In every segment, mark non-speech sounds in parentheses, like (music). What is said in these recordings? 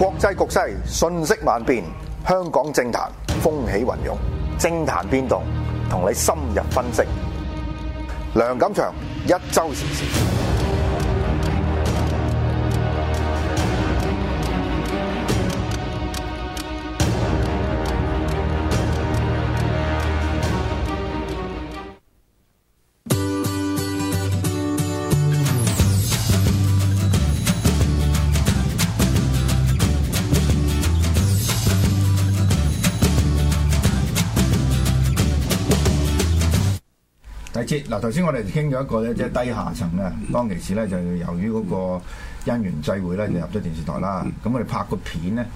國際局勢瞬息萬變，香港政壇風起雲湧，政壇變動，同你深入分析。梁錦祥，一周時事。嗱，頭先我哋傾咗一個咧，即係低下層啊。嗯、當其時咧，就由於嗰個姻緣際會咧，就入咗電視台啦。咁、嗯、我哋拍個片咧，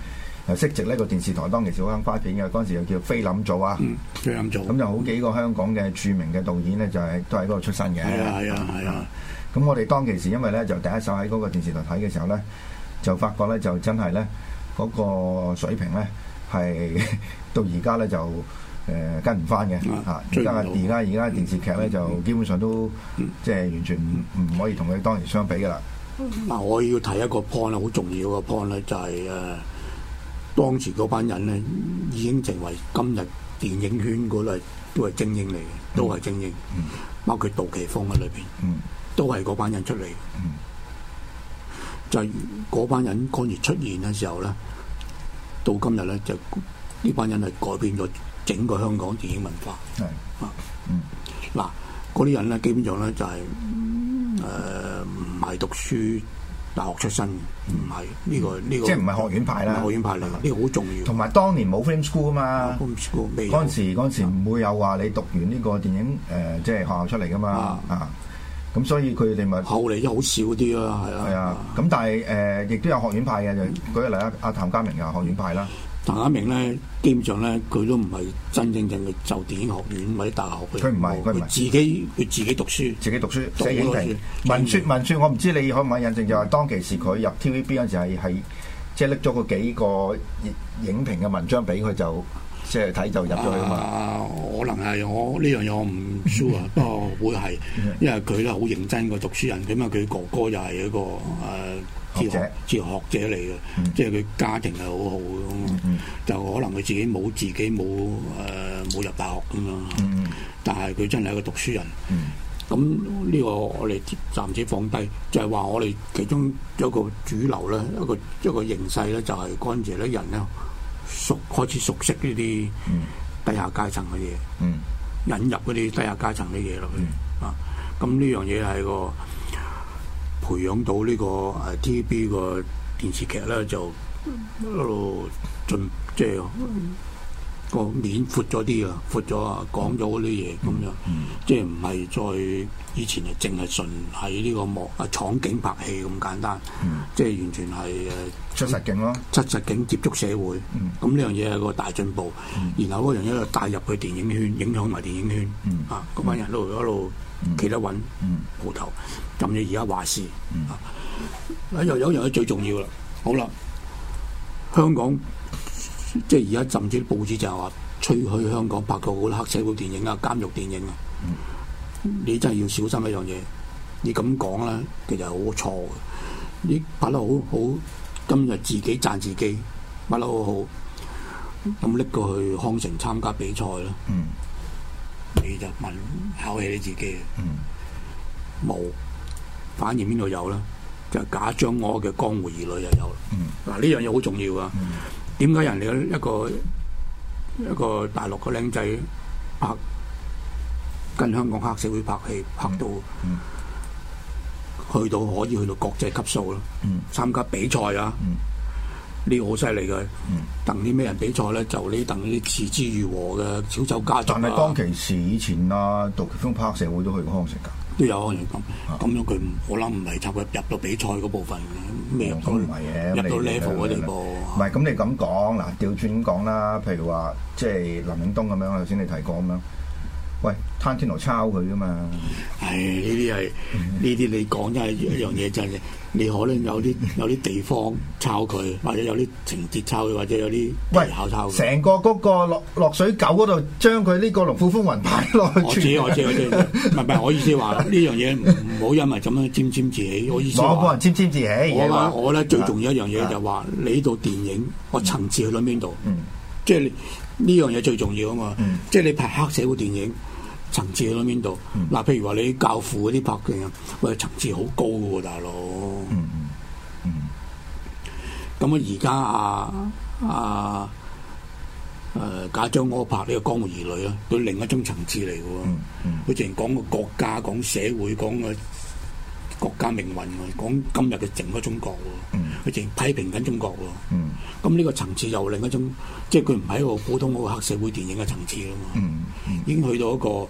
就識藉呢個電視台當其時嗰間花片嘅，嗰陣時又叫做菲林組啊、嗯，菲林組，咁就好幾個香港嘅著名嘅導演呢，就係都喺嗰度出身嘅。係啊係啊係啊！咁、嗯、我哋當其時因為咧，就第一手喺嗰個電視台睇嘅時候咧，就發覺咧，就真係咧，嗰個水平咧，係到而家咧就。誒跟唔翻嘅嚇，而家而家而家電視劇咧就基本上都即係完全唔唔可以同佢當時相比嘅啦。嗱，我要提一個 point 咧，好重要嘅 point 咧，就係誒當時嗰班人咧，已經成為今日電影圈嗰類都係精英嚟嘅，都係精英，包括杜琪峰喺裏邊，都係嗰班人出嚟。就係嗰班人嗰時出現嘅時候咧，到今日咧就呢班人係改變咗。整個香港電影文化係啊，嗯，嗱，嗰啲人咧基本上咧就係誒唔係讀書大學出身唔係呢個呢個即係唔係學院派啦，學院派啦，呢個好重要。同埋當年冇 film school 啊嘛，film school 嗰陣時嗰陣時唔會有話你讀完呢個電影誒，即係學校出嚟噶嘛啊，咁所以佢哋咪後嚟都好少啲啦，係啊，係啊，咁但係誒，亦都有學院派嘅，就舉個例啦，阿譚家明啊，學院派啦。但一明呢，基本上呢，佢都唔係真正正嘅就電影學院或者大學嘅，佢唔係，佢唔係自己，佢自己讀書，自己讀書，寫影評，文書文書，我唔知你可唔可以印證，就係當其時佢入 TVB 嗰陣時係，即係拎咗個幾個影評嘅文章俾佢就。即係睇就入咗去嘛、啊啊啊？可能係我呢樣嘢我唔 sure，不過會係、啊， (laughs) 因為佢咧好認真嘅讀書人，咁啊佢哥哥又係一個誒哲、啊、學哲學者嚟嘅，嗯、即係佢家庭係好好嘅、嗯嗯嗯，就可能佢自己冇自己冇誒冇入大學咁樣，嗯嗯、但係佢真係一個讀書人。咁呢、嗯、個我哋暫時放低，就係、是、話我哋其中一個主流咧，一個,一個,一,個,一,個一個形勢咧，就係幹涉啲人咧。人熟，開始熟悉呢啲低下階層嘅嘢，嗯、引入嗰啲低下階層嘅嘢落去啊！咁呢樣嘢係個培養到呢個誒 TVB 個電視劇咧，就一路進即係。就是嗯個面闊咗啲啊，闊咗啊，講咗嗰啲嘢咁樣，即係唔係再以前就淨係純喺呢個幕啊廠景拍戲咁簡單，即係完全係誒出實境咯，出實境接觸社會，咁呢樣嘢係個大進步。然後嗰人一路帶入去電影圈，影響埋電影圈啊！嗰班人都一路企得穩，頭咁你而家話事啊？又有一樣嘢最重要啦，好啦，香港。即係而家浸住啲報紙就係話吹去香港拍個好黑社會電影啊、監獄電影啊，嗯、你真係要小心一樣嘢。你咁講啦，其實好錯嘅。你拍得好好，今日自己讚自己，拍得好好，咁拎、嗯、過去康城參加比賽咧，嗯、你就問考起你自己啊？冇、嗯，反而邊度有咧？就係、賈樟柯嘅《江湖兒女》就又有啦。嗱、啊，呢樣嘢好重要啊！嗯嗯點解人哋一個一個大陸個僆仔拍跟香港黑社會拍戲拍到、mm. 去到可以去到國際級數咯？Mm. 參加比賽啊！呢個好犀利嘅。Mm. 等啲咩人比賽咧？就呢等啲是枝裕和嘅小偷家族，啊、但係當其時以前啊，杜琪峰拍黑社會都去過康城㗎。都有可能咁咁樣佢，唔可能唔係插佢入到比賽嗰部分嘅咩？入到入到 level 嗰啲噃。唔係，咁你咁講，嗱，調轉講啦，譬如話，即係林永東咁樣，頭先你提過咁樣。喂，攤天羅抄佢噶嘛？係呢啲係呢啲，你講真係一樣嘢真嘅。你可能有啲有啲地方抄佢，或者有啲情節抄佢，或者有啲技巧抄佢。成個嗰落落水狗嗰度，將佢呢個《龍虎風雲》擺落去。我知，我知，我知。唔係唔係，我意思話呢樣嘢唔好因為咁樣沾沾自喜。我意思話，我個人沾沾自喜。我我咧最重要一樣嘢就係話你呢套電影，我層次去到邊度？嗯，即係呢樣嘢最重要啊嘛。即係你拍黑社會電影。層次去到邊度？嗱、嗯啊，譬如話你教父嗰啲拍嘅人，喂，層次好高嘅喎，大佬。咁、嗯嗯、啊，而家啊啊，誒，賈樟柯拍呢個江湖兒女啊，佢另一種層次嚟嘅喎。嗯嗯。佢淨講個國家，講社會，講個。國家命運喎，講今日嘅整個中國喎，佢淨、嗯、批評緊中國喎，咁呢、嗯、個層次又另一種，即係佢唔係一個普通好黑社會電影嘅層次啊嘛，嗯嗯、已經去到一個誒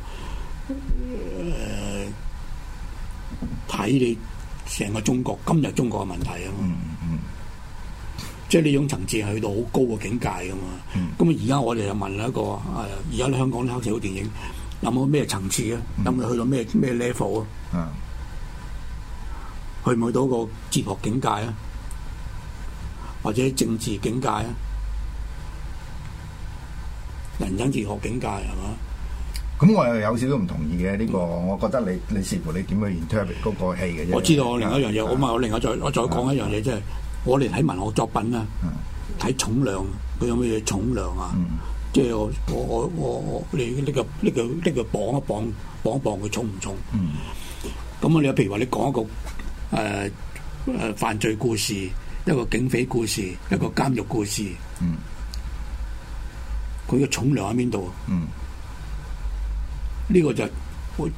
睇、呃、你成個中國今日中國嘅問題啊嘛，即係呢種層次係去到好高嘅境界啊嘛，咁而家我哋又問一個，啊而家香港黑社會電影有冇咩層次啊？嗯嗯、有冇去到咩咩 level 啊？去唔去到個哲學境界啊？或者政治境界啊？人生哲學境界係嘛？咁我又有少少唔同意嘅呢個，我覺得你你視乎你點去 interpret 嗰個戲嘅啫。我知道我另一樣嘢，我咪我另外再我再講一樣嘢，即係我哋睇文學作品啦，睇重量佢有乜嘢重量啊？即係我我我我你搦個搦個搦個磅一磅磅一磅佢重唔重？咁啊？你譬如話你講一個。誒誒、啊啊，犯罪故事，一個警匪故事，一個監獄故事。嗯，佢嘅重量喺邊度啊？嗯，呢個就是，我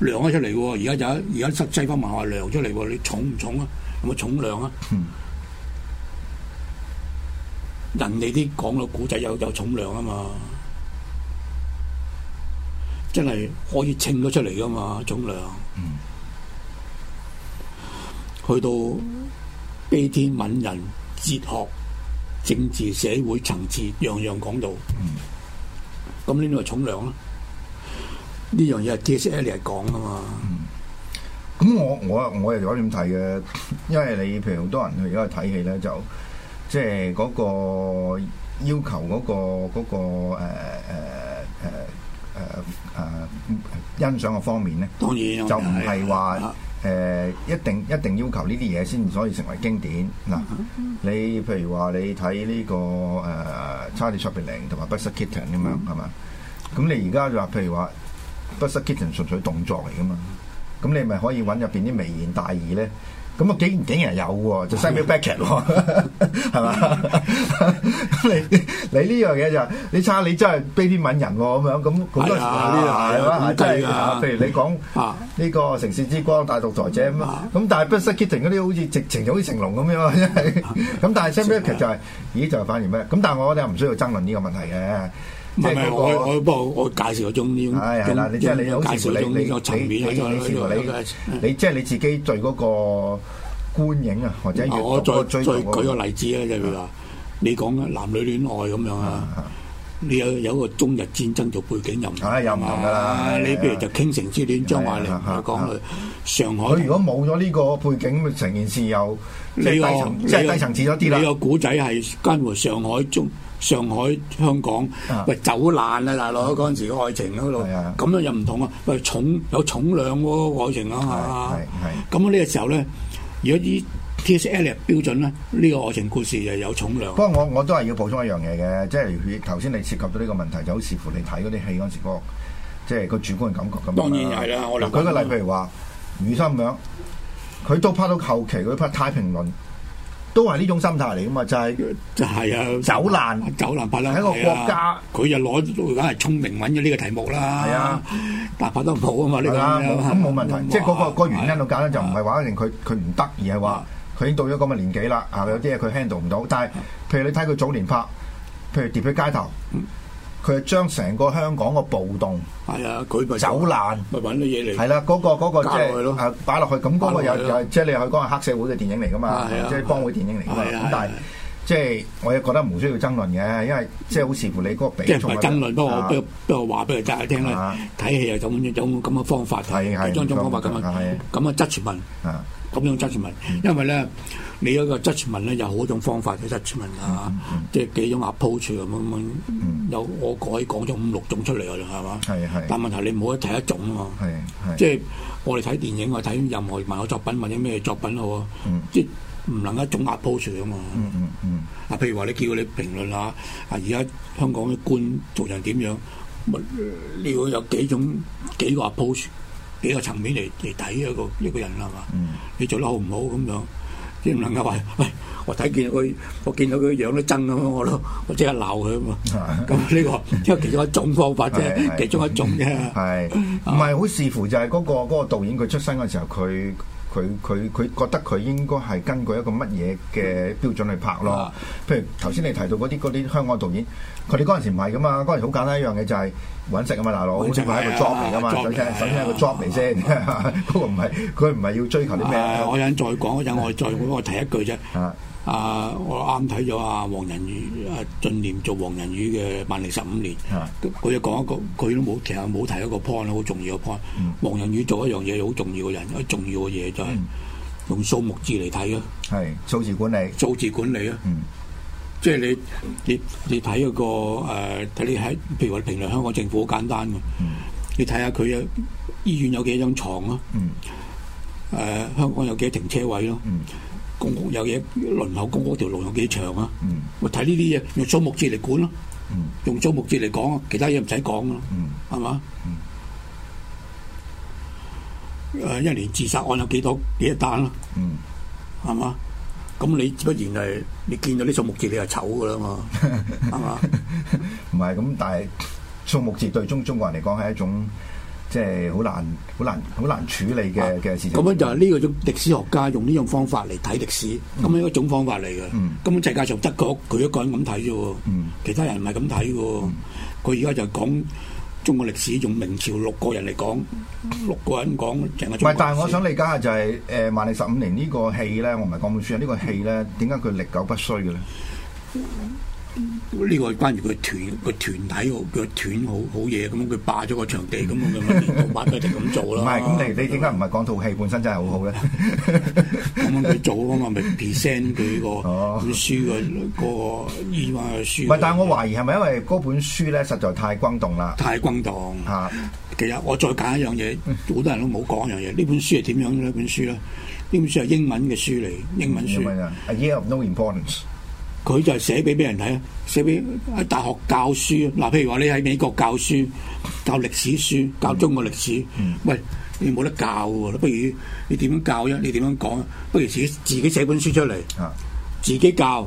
量咗出嚟嘅。而家有，而家擠翻埋話量出嚟，你重唔重啊？有冇重量啊？嗯、人哋啲講嘅古仔有有重量啊嘛，真係可以稱咗出嚟噶嘛，重量。嗯去到悲天憫人、哲學、政治、社會層次，樣樣講到。咁呢啲重量咯？呢樣嘢嘅識咧嚟講噶嘛。咁、嗯嗯、我我我係咁樣睇嘅，因為你譬如好多人去而家睇戲咧，就即係嗰個要求嗰、嗰個嗰、嗰個誒誒誒誒欣賞嘅方面咧，當然就唔係話。啊誒、呃、一定一定要求呢啲嘢先可以成為經典嗱，你譬如話你睇呢、呢個誒、呃、Charlie Chaplin 同埋 Buster Keaton 咁樣係嘛？咁、嗯、你而家就話譬如話 Buster Keaton 純粹動作嚟噶嘛？咁你咪可以揾入邊啲微言大義咧？咁啊，竟然竟然有喎，就 back cat，《西米巴克特》喎，係嘛？你你呢樣嘢就係、你差，你真係悲天憫人喎，咁樣咁好多時啲啊，係嘛？譬、哎啊啊啊、如你講呢、啊、個《城市之光》大獨裁者咁，咁、啊啊、但係《Buster Keaton》嗰啲好似直情就好似成龍咁樣，真係咁，但係、就係《西米巴克特》就係，咦就反而咩？咁但係我哋又唔需要爭論呢個問題嘅。即係我我我介紹嗰種呢種，係啦，即係你好似呢種層面，你即係你自己對嗰個觀影啊，或者我再再舉個例子啊，就譬如話你講男女戀愛咁樣啊，你有有個中日戰爭做背景又唔，同，又唔噶啦，你譬如就傾城之戀張愛玲嚟講佢上海，如果冇咗呢個背景，成件事又即係低層，即係低層次咗啲啦。你個古仔係跟住上海中。上海、香港，喂走爛啦！嗱，落去嗰陣時嘅愛情嗰度，咁樣又唔同啊！喂，重有重量喎愛情啊嘛，咁啊呢個時候咧，如果以 T S Eliot 標準咧，呢個愛情故事又有重量。不過我我都係要補充一樣嘢嘅，即係頭先你涉及到呢個問題，就好視乎你睇嗰啲戲嗰陣時個，即係個主觀嘅感覺咁啦。當然係啦，我舉個例，譬如話馮紹峯，佢都拍到後期，佢拍《太平論》。都係呢種心態嚟噶嘛，就係就係啊，走爛，走爛，拍啦，係一個國家，佢、啊、就攞，梗係聰明揾咗呢個題目啦，係啊，但拍得唔好啊嘛，呢啊，咁冇問題，嗯、即係嗰、那個、哇個原因，我覺、啊、得就唔係話一定佢佢唔得，而係話佢已經到咗咁嘅年紀啦，啊，有啲嘢佢 handle 唔到，但係譬如你睇佢早年拍，譬如跌喺街頭。佢將成個香港個暴動係啊，佢走爛咪揾嘢嚟，係啦、即係，嗰、即係、個嗰個即係擺落去，咁嗰個又又即係你去嗰個黑社會嘅電影嚟㗎嘛，即係、哎、呀幫會電影嚟㗎嘛，咁但係。即係，我也覺得唔需要爭論嘅，因為即係好似乎你嗰個比重即係唔係爭論，不過不過不過話俾佢聽啦，睇戲又種種咁嘅方法，係係係，係咁嘅質問，啊，咁樣質問。因為咧，你嗰個質問咧有好種方法嘅質問啊，即係幾種 approach 咁樣，有我改講咗五六種出嚟㗎啦，係嘛？係係。但問題你唔好一睇一種啊嘛。係即係我哋睇電影，我睇任何文學作品，或者咩作品咯喎。即唔能夠總壓 approach 啊嘛，啊譬如話你叫你評論下，啊而家香港嘅官做人點樣，咪你要有幾種幾個阿 approach 幾個層面嚟嚟睇一個一個人係嘛？嗯、你做得好唔好咁樣，即係唔能夠話，喂、 (laughs) 哎，我睇見佢，我見到佢樣都憎咁，我都我即刻鬧佢啊嘛。咁 (laughs) 呢、呢個因為其中一種方法啫，其中一種啫，唔係好視乎就係嗰、嗰個嗰、嗰個嗰個導演佢出生嘅時候佢。佢佢佢覺得佢應該係根據一個乜嘢嘅標準去拍咯。啊、譬如頭先你提到嗰啲啲香港導演，佢哋嗰陣時唔係噶嘛，嗰陣時好簡單一樣嘢就係搵食啊嘛，大佬我、啊、好清楚係一個 job 嚟噶嘛，啊、首先首先係個 job 嚟先，嗰個唔係佢唔係要追求啲咩我有再講嗰陣，我再，我，再，我，再我提一句啫。啊！我啱睇咗阿黃仁宇啊，進念做黃仁宇嘅萬歷十五年，佢就講一個，佢都冇其實冇提一個 point 好重要嘅 point。黃、嗯、仁宇做一樣嘢好重要嘅人，重要嘅嘢就係用數目字嚟睇咯，係數、嗯、字管理，數字管理啊，嗯、即係你你你睇一個誒，睇你喺譬如話評論香港政府好簡單嘅，嗯、你睇下佢有醫院有幾多張床啊，誒、嗯呃，香港有幾多停車位咯。嗯公屋有嘢輪候公屋條路有幾長啊？咪睇呢啲嘢用數目字嚟管咯，用數目字嚟講啊，其他嘢唔使講噶咯，係嘛？誒，一年自殺案有幾多幾多單啦？係嘛？咁你自然係你見到啲數目字你就醜噶啦嘛？係嘛？唔係咁，但係數目字對中中國人嚟講係一種。即係好難、好難、好難處理嘅嘅事情。咁、啊、樣就係呢個種歷史學家用呢種方法嚟睇歷史，咁樣、嗯、一種方法嚟嘅。咁世界上就德國佢一個人咁睇啫喎，嗯、其他人唔係咁睇喎。佢而家就講中國歷史用明朝六個人嚟講，嗯、六個人講淨係。但係我想理解下就係、唔係、誒《萬歷十五年》呢個戲咧，我唔係講本書啊，呢個戲咧點解佢歷久不衰嘅咧？呢個關於佢團個團體團好，團好好嘢，咁佢霸咗個場地，咁咁，唔好唔好，佢就咁做啦。唔係，咁你你點解唔係講套戲本身真係好好咧？咁 (laughs) 佢 (laughs) (laughs) 做啊嘛、oh.，未 present 佢呢個，佢輸個個依話唔係，但係我懷疑係咪因為嗰本書咧實在太轟動啦，太轟動吓。 (laughs) 其實我再揀一樣嘢，好 (laughs) 多人都冇講一樣嘢。呢 (laughs) 本書係點樣咧？呢本書咧，呢本書係英文嘅書嚟，英文書。A (laughs) year of no importance。佢就係寫俾咩人睇啊？寫俾喺大學教書嗱，譬如話你喺美國教書，教歷史書，教中國歷史。嗯、喂，你冇得教，不如你點樣教啊？你點樣講啊？不如自己自己寫本書出嚟，啊、自己教。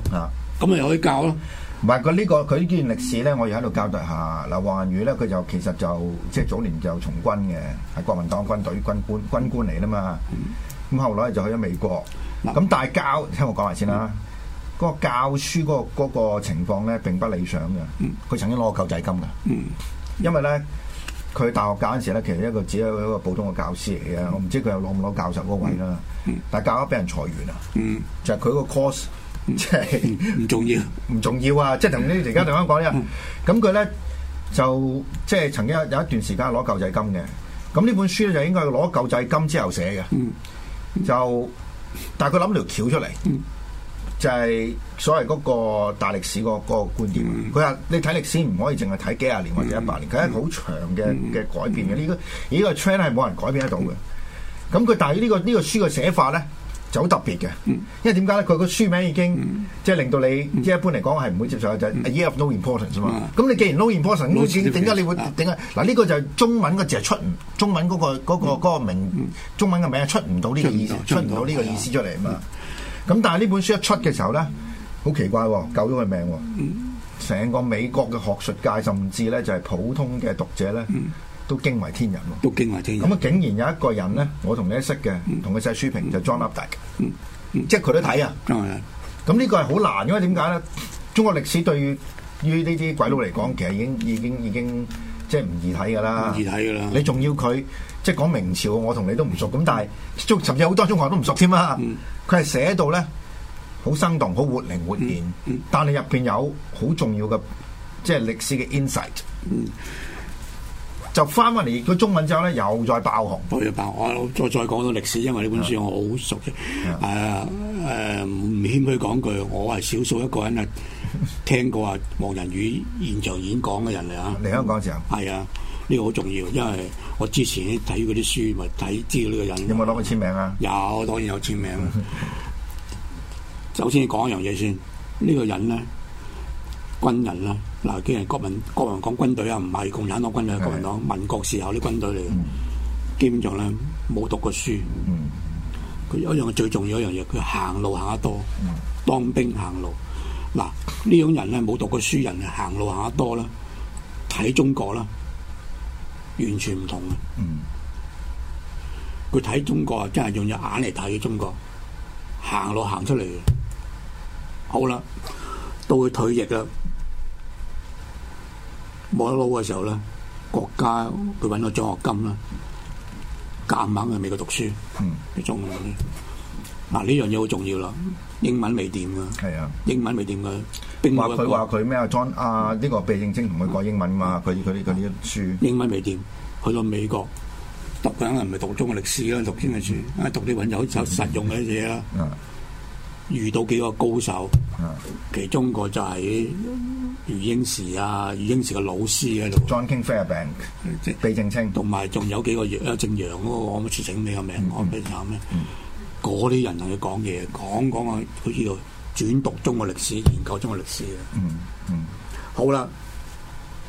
咁咪又可以教咯。唔係佢呢個佢呢件歷史咧，我又喺度交代下。嗱，黃仁宇咧，佢就其實就即係早年就從軍嘅，喺國民黨軍隊軍，軍，軍官軍官嚟啦嘛。咁、嗯嗯、後嚟就去咗美國，咁但係教聽我講埋先啦。啊嗰個教書嗰、嗰個、嗰個情況咧，並不理想嘅。佢曾經攞過救濟金嘅，因為咧佢大學教嗰時咧，其實一個只係一個普通嘅教師嚟嘅。我唔知佢有攞唔攞教授嗰位啦。但係教都俾人裁員啊，嗯、就係佢個 course 即係唔重要，唔 (laughs) 重要啊！即係同你而家咁樣講呢，咁佢咧就即係、就是、曾經有一段時間攞救濟金嘅。咁呢本書咧就應該攞救濟金之後寫嘅。就但係佢諗條橋出嚟。嗯就係所謂嗰個大歷史嗰個觀點。佢話你睇歷史唔可以淨係睇幾十年或者一百年，佢係好長嘅嘅改變嘅。呢個呢個 trend 係冇人改變得到嘅。咁佢但係呢個呢個書嘅寫法咧就好特別嘅，因為點解咧？佢個書名已經即係令到你即係一般嚟講係唔會接受就係 A Year of No Importance 嘛。咁你既然 No Importance，點解你會點解？嗱呢個就係中文個字係出唔中文嗰個嗰個名，中文嘅名係出唔到呢個意思，出唔到呢個意思出嚟啊嘛。咁但係呢本書一出嘅時候咧，好奇怪喎、哦，救咗佢命喎、哦！成個美國嘅學術界甚至咧就係普通嘅讀者咧，都驚為天人喎、哦！都驚為天人！咁啊，竟然有一個人咧，我同你一識嘅，同佢、嗯、寫書評就裝笠大嘅，嗯、即係佢都睇啊！咁、嗯、呢個係好難，因為點解咧？中國歷史對於呢啲鬼佬嚟講，其實已經已經已經。已經已經即係唔易睇噶啦，唔易睇噶啦。你仲要佢即係講明朝，我同你都唔熟。咁但係中甚至好多中學都唔熟添啊。佢係寫到咧，好生動，好活靈活現。嗯嗯、但係你入邊有好重要嘅，即係歷史嘅 insight、嗯。嗯就翻翻嚟個中文之後咧，又再爆紅。 (noise) 我再爆紅，再再講到歷史，因為呢本書我好熟嘅。係 (noise) 啊，誒、呃、唔謙虛講句，我係少數一個人啊，聽過啊黃仁宇現場演講嘅人嚟啊！嚟香港時候係啊，呢、 (noise) 呢個好重要，因為我之前睇嗰啲書，咪睇知到呢個人。有冇攞佢簽名啊？有當然有簽名。首先講一樣嘢先，呢、呢個人咧。軍人啦，嗱，既然國民國民黨軍隊啊，唔係共產黨軍隊，國民黨民國時候啲軍隊嚟嘅，基本上咧冇讀過書，佢有一樣最重要一樣嘢，佢行路行得多，當兵行路，嗱呢種人咧冇讀過書人，行路行得多啦，睇中國啦，完全唔同嘅，佢睇中國啊，真係用隻眼嚟睇中國，行路行出嚟嘅，好啦，到佢退役啦。冇得撈嘅時候咧，國家佢揾到獎學金啦，夾硬去美國讀書，嗯，中文啲，嗱呢樣嘢好重要啦，英文未掂噶，係、嗯、啊，英文未掂噶，話佢話佢咩啊，John 啊呢個被應清同佢講英文嘛，佢佢佢呢啲書，英文未掂，去到美國讀梗係唔係讀中國歷史啦，讀經濟書，啊讀啲搵有就實用嘅嘢啦，遇到幾個高手，其中個就係。余英時啊，余英時嘅老師喺度。John King Fairbank 即係費正、嗯、清，同埋仲有幾個月啊？正楊嗰、那個我唔知請你名，我唔記得咩？嗰啲、mm hmm. 人同佢講嘢，講講啊，好似度轉讀中國歷史，研究中國歷史嘅。嗯嗯、mm。Hmm. 好啦，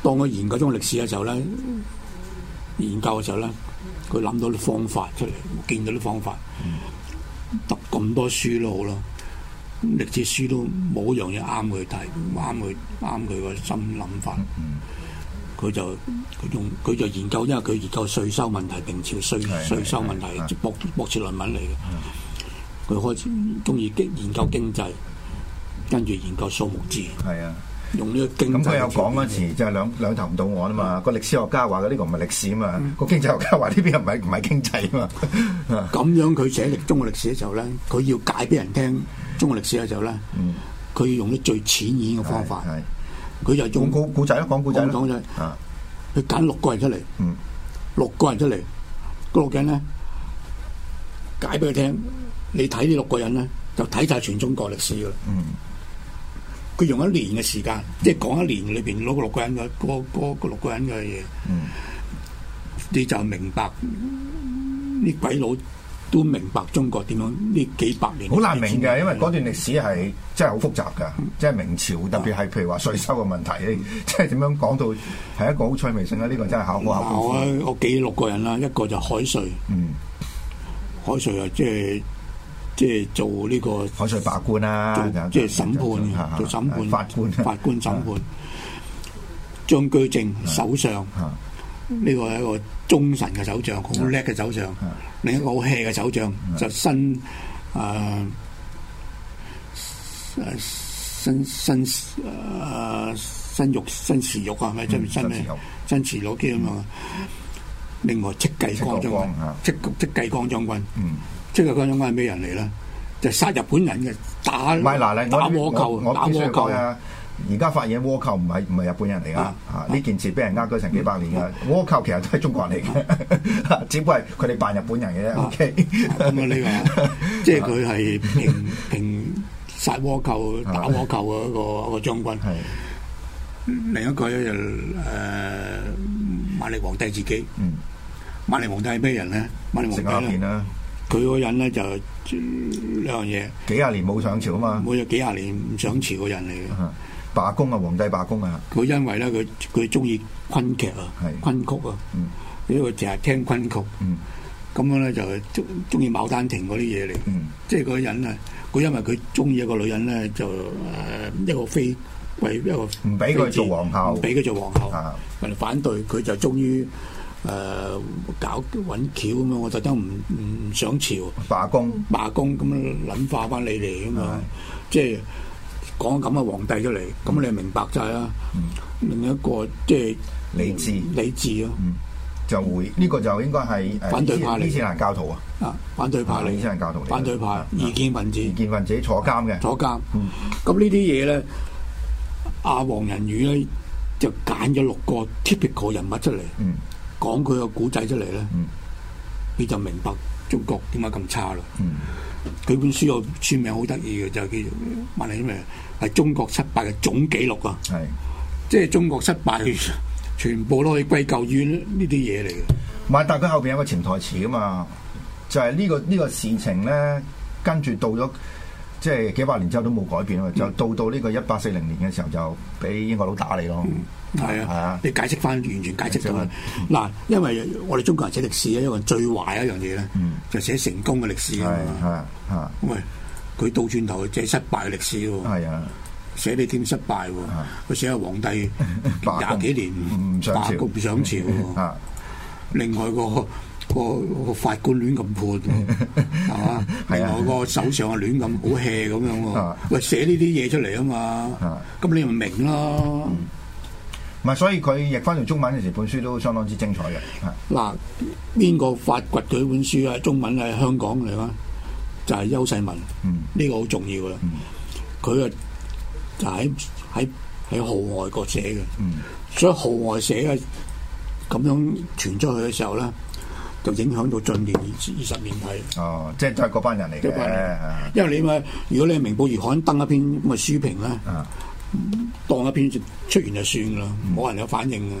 當佢研究中國歷史嘅時候咧，mm hmm. 研究嘅時候咧，佢諗到啲方法出嚟，見到啲方法，mm hmm. 讀咁多書都好啦。歷史書都冇一樣嘢啱佢睇，啱佢，啱佢個心諗法。佢、嗯嗯、就佢用佢就研究，因為佢研究稅收問題，明朝稅稅收問題就博博，博士論文嚟嘅。佢、嗯、開始中意研究經濟，跟住研究數目字。係啊。咁佢有講嗰陣時，就係兩兩頭唔到岸啦嘛。個歷史學家話，佢呢個唔係歷史啊嘛。個經濟學家話，呢邊又唔係唔係經濟啊嘛。咁樣佢寫中國歷史嘅時候咧，佢、嗯、要解俾人聽中國歷史嘅時候咧，佢、嗯、要用啲最淺顯嘅方法。佢、嗯、就用古古仔啦，講古仔啦，講仔。佢揀六個人出嚟，嗯、六個人出嚟，嗰六個人咧解俾佢聽。你睇呢六個人咧，就睇晒全中國歷史噶啦。嗯佢用一年嘅時間，即係講一年裏邊攞六個人嘅六個人嘅嘢。嗯、你就明白啲鬼佬都明白中國點樣呢幾百年。好難明嘅，因為嗰段歷史係、嗯、真係好複雜噶，即係明朝特別係、嗯、譬如話稅收嘅問題，即係點樣講到係一個好趣味性嘅呢、呢個真係考、嗯好嗯、我我幾六個人啦，一個就海瑞、嗯，嗯，海瑞啊即係。即係做呢個海事法官啊！即係審判，做審判法官，法官審判。張居正首相，呢個係一個忠臣嘅首相，好叻嘅首相。另一個好 hea 嘅首相就新啊啊新新啊新玉新慈玉啊？係咪即係新咩？新慈玉基咁樣。另外，戚繼光將軍，即戚繼光將軍。嗯。即係嗰種係咩人嚟咧？就殺日本人嘅打唔係嗱，你我我我打倭寇啊！而家發現倭寇唔係唔係日本人嚟噶，呢件事俾人呃咗成幾百年噶。倭寇其實都係中國人嚟嘅，只不過係佢哋扮日本人嘅啫。O K，咁啊你話，即係佢係平平殺倭寇，打倭寇嘅一個個將軍。另一個咧就誒，萬曆皇帝自己。嗯，萬曆皇帝係咩人咧？萬曆皇帝咯。佢嗰人咧就係、兩樣嘢，幾十年冇上朝啊嘛，冇有幾十年唔上朝嘅人嚟嘅。罷、啊、工啊，皇帝罷工啊，佢因為咧佢佢中意昆劇啊，昆是曲啊，呢個成日聽昆曲，咁樣咧就中中意《牡丹亭》嗰啲嘢嚟，即係嗰個人啊，佢是因為佢中意一個女人咧，就、呃、一個妃為一個唔俾佢做皇后，唔俾佢做皇后，人的反對佢就終於。誒，搞揾橋咁啊！我特登唔唔上朝，罷工罷工咁諗化翻你哋啊嘛！即係講咁嘅皇帝出嚟，咁你明白就係啦。另一個即係理智，理智咯，就會呢個就應該係反對派嚟，斯蘭教徒啊，啊，反對派嚟，斯蘭教徒，反對派，異見分子，異見分子坐監嘅，坐監。咁呢啲嘢咧，阿黃仁宇咧就揀咗六個 typical 人物出嚟。講佢個古仔出嚟咧，嗯、你就明白中國點解咁差啦。佢、嗯、本書有書名好得意嘅，就叫做問你咩？係中國失敗嘅總紀錄啊！係是，即係中國失敗全部都可以歸咎於呢啲嘢嚟嘅。但係佢後邊有個潛台詞噶嘛，就係、是、呢、呢個呢、呢個事情咧，跟住到咗。即係幾百年之後都冇改變啊！就到到呢個一八四零年嘅時候就俾英國佬打你咯。係、嗯、啊，係啊，你解釋翻完全解釋到。嗱、啊，因為我哋中國人寫歷史咧，因為最壞一樣嘢咧，嗯、就寫成功嘅歷史啊係咁咪佢倒轉頭寫失敗歷史喎。係啊，寫你點失敗喎？佢寫個皇帝廿幾年罷貢上朝。 (laughs) 潮 (laughs) 另外個。個個法官亂咁判，係、 (laughs) 啊、嘛？係我個手上啊亂咁好 hea 咁樣喎。喂，寫呢啲嘢出嚟，啊嘛，咁你唔明啦。唔係，所以佢譯翻條中文嘅時，本書都相當之精彩嘅。嗱，邊個、啊、發掘到本書啊？中文喺香港嚟啊，就係、是、丘世文。呢、嗯、個好重要噶。佢啊、嗯，嗯、就喺喺喺號外國寫嘅。所以號外寫啊，咁樣傳出去嘅時候咧。就影響到近年二二十年係，哦，即係都係嗰班人嚟嘅。因為你咪，如果你係明報、《月刊》登一篇咁嘅書評咧，當一篇出現就算啦，冇人有反應嘅。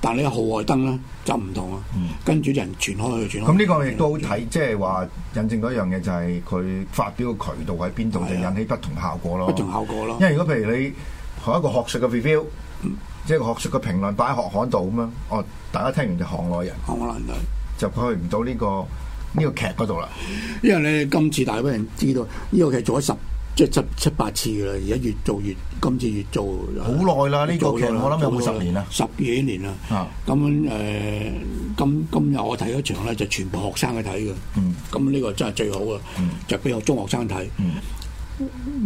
但係你喺號外登咧，就唔同啊。跟住就人傳開去傳開。咁呢個亦都好睇，即係話印證咗一樣嘢，就係佢發表嘅渠道喺邊度，就引起不同效果咯。不同效果咯。因為如果譬如你學一個學術嘅 review，即係個學術嘅評論擺喺學刊度咁樣，哦，大家聽完就行內人。就去唔到呢個呢、呢個劇嗰度啦，因為咧今次大把人知道呢、呢個劇做咗十即係十七八次噶啦，而家越做越今次越做好耐啦。呢、呃、個劇了我諗有冇十年啦，十幾年啦。咁誒、啊呃，今今日我睇咗場咧，就是、全部學生去睇嘅。嗯，咁呢個真係最好啊。嗯、就俾學中學生睇。嗯。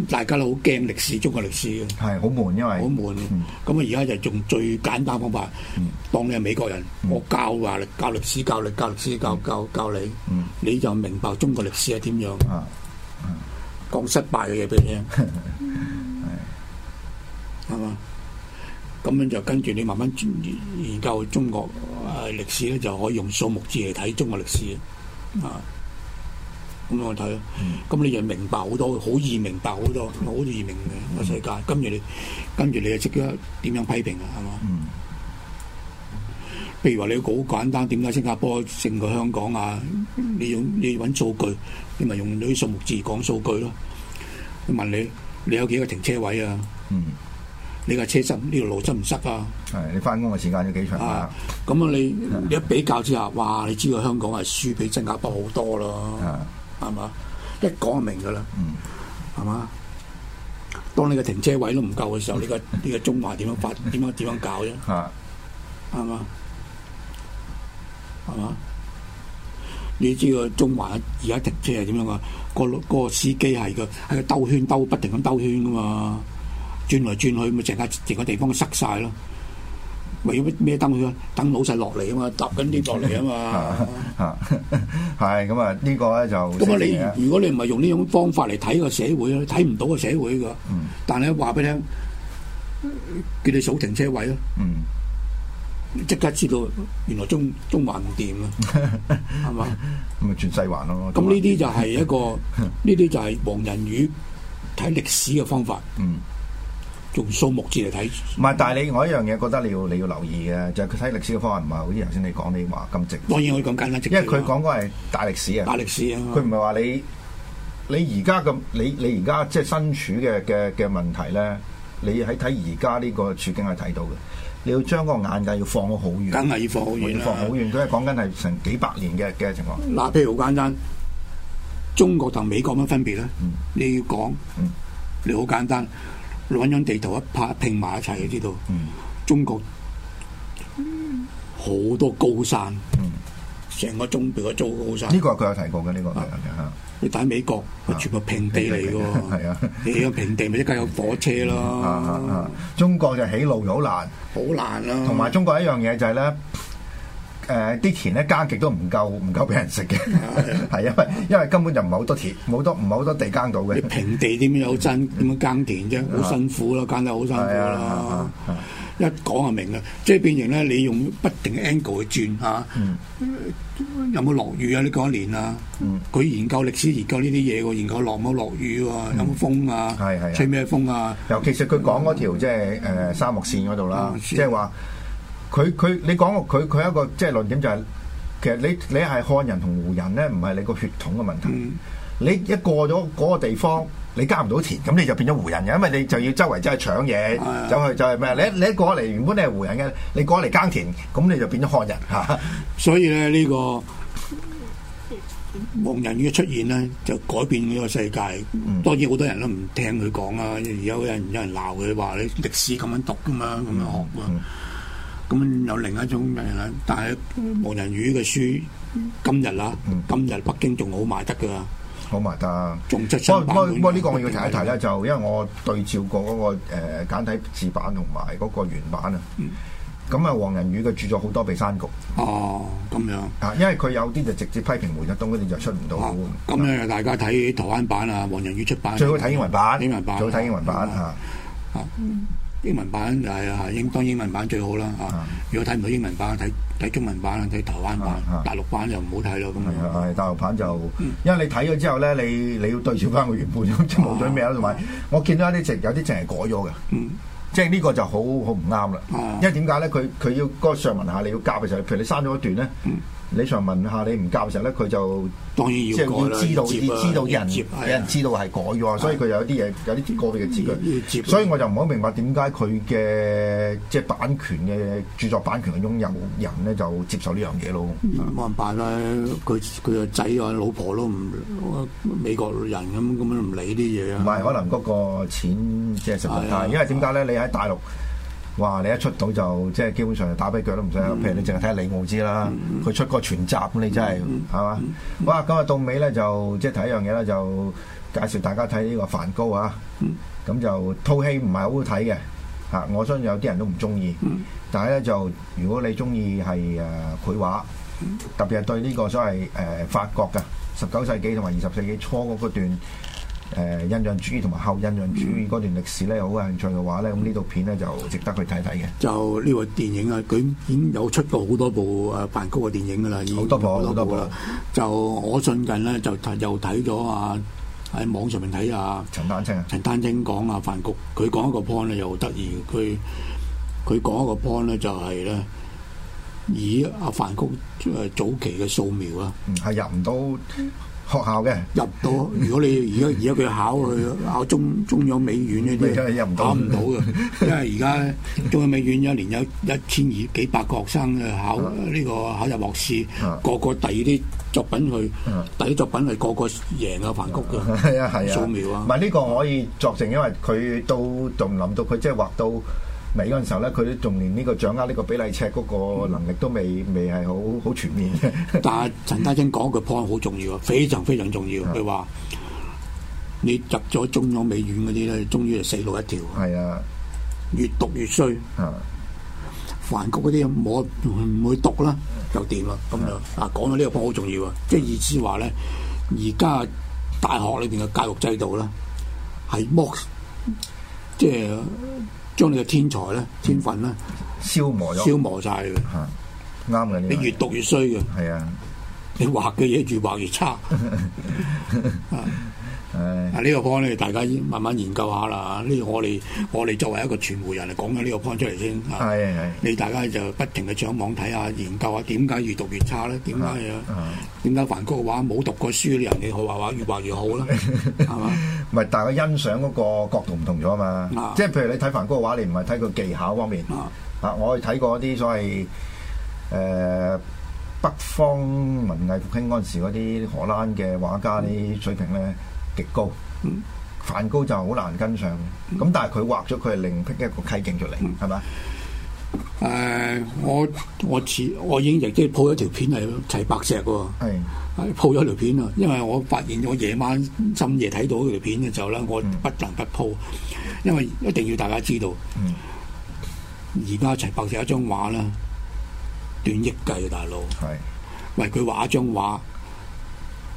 大家都好驚歷史中國歷史係好悶，因為好悶。咁啊悶，而家、嗯、就用最簡單方法，嗯、當你係美國人，嗯、我教話教歷史、教你教歷史教教教你，嗯、你就明白中國歷史係點樣。講、啊啊、失敗嘅嘢俾你聽，係嘛？咁樣就跟住你慢慢研究中國啊歷史咧，就可以用數目字嚟睇中國歷史啊。咁我睇咯，咁你就明白好多，好易明白好多，好易明嘅個世界。跟住你，跟住你就即刻點樣批評啊？係嘛？譬如話你好簡單，點解新加坡勝過香港啊？你要你要揾數據，你咪用啲數目字講數據咯。問你，你有幾個停車位啊？嗯。你架車塞，呢條路塞唔塞啊？係你翻工嘅時間要幾長啊？咁啊，你一比較之下，哇！你知道香港係輸俾新加坡好多咯。係嘛？一講就明噶啦。係嘛、嗯？當你個停車位都唔夠嘅時候，呢、這個呢、這個中環點樣發？點 (laughs) 樣點樣搞啫？係嘛、啊？係嘛？你知個中環而家停車係點樣噶？個、那個司機係個喺度兜圈兜，不停咁兜圈噶嘛？轉來轉去咪成間成個地方塞晒咯。咪要咩燈佢啊？等老細落嚟啊嘛，揼緊啲落嚟啊嘛。吓， (laughs) (laughs) 係咁啊！呢個咧就咁啊！你如果你唔係用呢種方法嚟睇個社會咧，睇唔到個社會噶。嗯。但係話俾你聽，叫你數停車位咯。嗯。即刻知道原來中中環唔掂啊？係嘛？咁啊，轉西環咯。咁呢啲就係一個，呢啲、嗯嗯、就係黃仁宇睇歷史嘅方法。嗯。用數目字嚟睇，唔係，但係你我一樣嘢覺得你要你要留意嘅，就係佢睇歷史嘅方向，唔係好似頭先你講你話金直，當然可以講簡單直，啊、因為佢講嘅係大歷史啊。大歷史啊！佢唔係話你你而家咁，你你而家即係身處嘅嘅嘅問題咧，你喺睇而家呢個處境係睇到嘅。你要將個眼界要放好遠，梗係要放好遠，啊、遠，要放好遠，佢係講緊係成幾百年嘅嘅情況。嗱，譬如好簡單，中國同美國乜分別咧？嗯、你要講，嗯、你好簡單。揾張地圖一拍拼埋一齊就知道，中國好多高山，成個中地都係做高山。呢個佢有提過嘅，呢個係嘅嚇。你睇美國，佢全部平地嚟嘅喎，你有平地咪一間有火車咯。中國就起路好難，好難啊！同埋中國一樣嘢就係咧。誒啲田咧耕極都唔夠，唔夠俾人食嘅，係因為因為根本就唔係好多田，冇多唔係好多地耕到嘅。平地點樣有爭點樣耕田啫？好辛苦咯，耕得好辛苦咯。一講就明啦，即係變形咧，你用不定 angle 去轉嚇。有冇落雨啊？你嗰一年啊？佢研究歷史，研究呢啲嘢喎，研究落冇落雨喎，有冇風啊？係係。吹咩風啊？尤其是佢講嗰條即係誒沙漠線嗰度啦，即係話。佢佢你講佢佢一個即係論點就係、是，其實你你係漢人同胡人咧，唔係你個血統嘅問題。嗯、你一過咗嗰個地方，你耕唔到田，咁你就變咗胡人嘅，因為你就要周圍走、哎、呀去搶嘢，走去就係、是、咩？你你一過嚟，原本你係胡人嘅，你過嚟耕田，咁你就變咗漢人嚇。呵呵所以咧、這、呢個蒙人嘅出現咧，就改變呢個世界。嗯、當然好多人都唔聽佢講啊，有人有人鬧佢話：你歷史咁樣讀噶嘛，咁樣學咁有另一種咩啦，但係黃仁宇嘅書今日啊，今日北京仲好賣得噶，好賣得。仲出。不過不過呢個我要提一提咧，就因為我對照過嗰個誒簡體字版同埋嗰個原版啊。咁啊，黃仁宇嘅著作好多被刪局。哦，咁樣。啊，因為佢有啲就直接批評毛澤東，嗰啲就出唔到。咁咧，大家睇台灣版啊，黃仁宇出版最好睇英文版，英文版最好睇英文版啊。英文版就係啊，應當英文版最好啦嚇。啊、如果睇唔到英文版，睇睇中文版，睇台灣版、啊啊、大陸版就唔好睇咯。咁係啊，大陸版就，嗯、因為你睇咗之後咧，你你要對照翻個原本，即冇咗咩啦。同埋、啊、我見到一啲直，有啲情係改咗嘅，即係呢個就好好唔啱啦。啊、因為點解咧？佢佢要嗰、那個、上文下你要夾嘅時候，譬如你刪咗一段咧。嗯李祥文下你唔教嘅時候咧，佢就當然即係要知道，知知道人有人知道係改咗，所以佢有啲嘢有啲過度嘅字句，所以我就唔好明白點解佢嘅即係版權嘅著作版權嘅擁有人咧就接受呢樣嘢咯。冇人辦啦，佢佢個仔啊老婆都唔，美國人咁咁樣唔理啲嘢。唔係，可能嗰個錢即係實物價，因為點解咧？你喺大陸。哇！你一出到就即係基本上打跛腳都唔使，譬如你淨係睇下《李奧茲》啦，佢、嗯嗯、出過全集，你真係係嘛？哇！咁啊到尾咧就即係睇一樣嘢啦，就介紹大家睇呢個梵高啊，咁、嗯、就套戲唔係好好睇嘅嚇，我相信有啲人都唔中意，嗯、但係咧就如果你中意係誒繪畫，特別係對呢個所謂誒、呃、法國嘅十九世紀同埋二十世紀初嗰段。誒、呃、印象主義同埋後印象主義嗰段歷史咧，又好、嗯、興趣嘅話咧，咁呢套片咧就值得去睇睇嘅。就呢部電影啊，佢已經有出過好多部誒梵谷嘅電影噶啦，好多部好多部啦。部就我最近咧就又睇咗啊喺網上面睇啊陳丹青、啊。陳丹青講啊梵谷，佢講一個 point 咧又好得意，佢佢講一個 point 咧就係咧以阿梵谷早期嘅素描啦、啊，係、嗯、入唔到。學校嘅入到，如果你而家而家佢考去考中中央美院嗰啲 (laughs) 考唔到嘅。因為而家中央美院一年有一千二幾百個學生去考呢 (laughs) 個考入學試，個個遞啲作品去，遞啲 (laughs) 作品係個個贏 (laughs) 啊飯局嘅，素描，啊。唔係呢個可以作成，因為佢都仲諗到佢即係畫到。嗱，嗰陣時候咧，佢都仲連呢個掌握呢個比例尺嗰個能力都未未係好好全面嘅 (laughs) 但係陳家欣講嘅 point 好重要，非常非常重要。佢話，的你入咗中央美院嗰啲咧，終於係死路一條。係啊的，越讀越衰。啊的，梵高嗰啲冇唔會讀啦，就掂啦。咁的就啊講到呢個 point 好重要啊，即係意思話咧，而家大學裏邊嘅教育制度啦，係 box，即係。將你嘅天才咧、天分咧，消磨咗，消磨曬佢。嚇，啱嘅，你越讀越衰嘅。係啊。你畫嘅嘢越畫越差，啊呢 (laughs) 是、啊呢個 point 咧大家慢慢研究下啦。呢、啊呢個、我哋我哋作為一個傳媒人嚟講緊呢個 point 出嚟先，啊、是是是你大家就不停嘅上網睇下、研究下點解越讀越差咧？點解啊？點解梵高嘅畫冇讀過書嘅人嘅畫畫越畫越好咧？係嘛 (laughs) 吧？唔係，大家欣賞嗰個角度唔同咗啊嘛。啊即係譬如你睇梵高嘅畫，你唔係睇佢技巧方面。啊，啊，我哋睇過啲所謂誒。呃呃北方文藝復興嗰陣時，嗰啲荷蘭嘅畫家啲水平咧極高，嗯、梵高就好難跟上。咁、嗯、但係佢畫咗，佢係另闢一個蹊徑出嚟，係咪啊？誒，我我似我已經亦都鋪咗條片係，齊白石喎，係是鋪咗條片啊！因為我發現我夜晚深夜睇到嗰條片嘅時候咧，我不能不鋪，嗯、因為一定要大家知道。嗯嗯、而家齊白石一張畫啦。段億計啊，大佬！係為佢畫一張畫，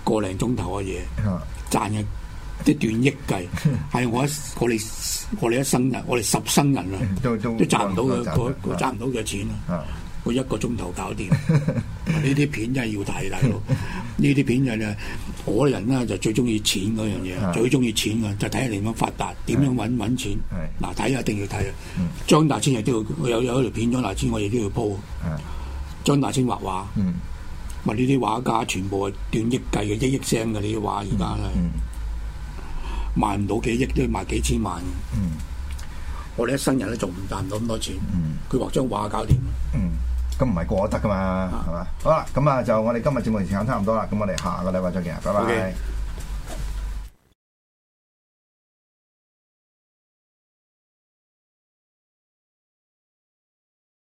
個零鐘頭嘅嘢，賺一啲段億計，係我我哋我哋一生人，我哋十生人啊，都都賺唔到佢，佢賺唔到嘅錢咯。佢一個鐘頭搞掂，呢啲片真係要睇，大佬，呢啲片就就我個人咧就最中意錢嗰樣嘢，最中意錢嘅，就睇下點樣發達，點樣搵搵錢。嗱，睇下一定要睇啊！張大千又都要，有有條片張大千，我亦都要鋪。張大千畫畫，咪呢啲畫家全部係斷億計嘅億億聲嘅呢啲畫，而家係賣唔到幾億都要賣幾千萬。嗯，我哋一生人咧仲唔賺到咁多錢？嗯，佢畫張畫搞掂。嗯，咁唔係過得噶嘛？係嘛，啊？好啦，咁啊就我哋今日節目時間差唔多啦，咁我哋下個禮拜再見，拜拜。Okay.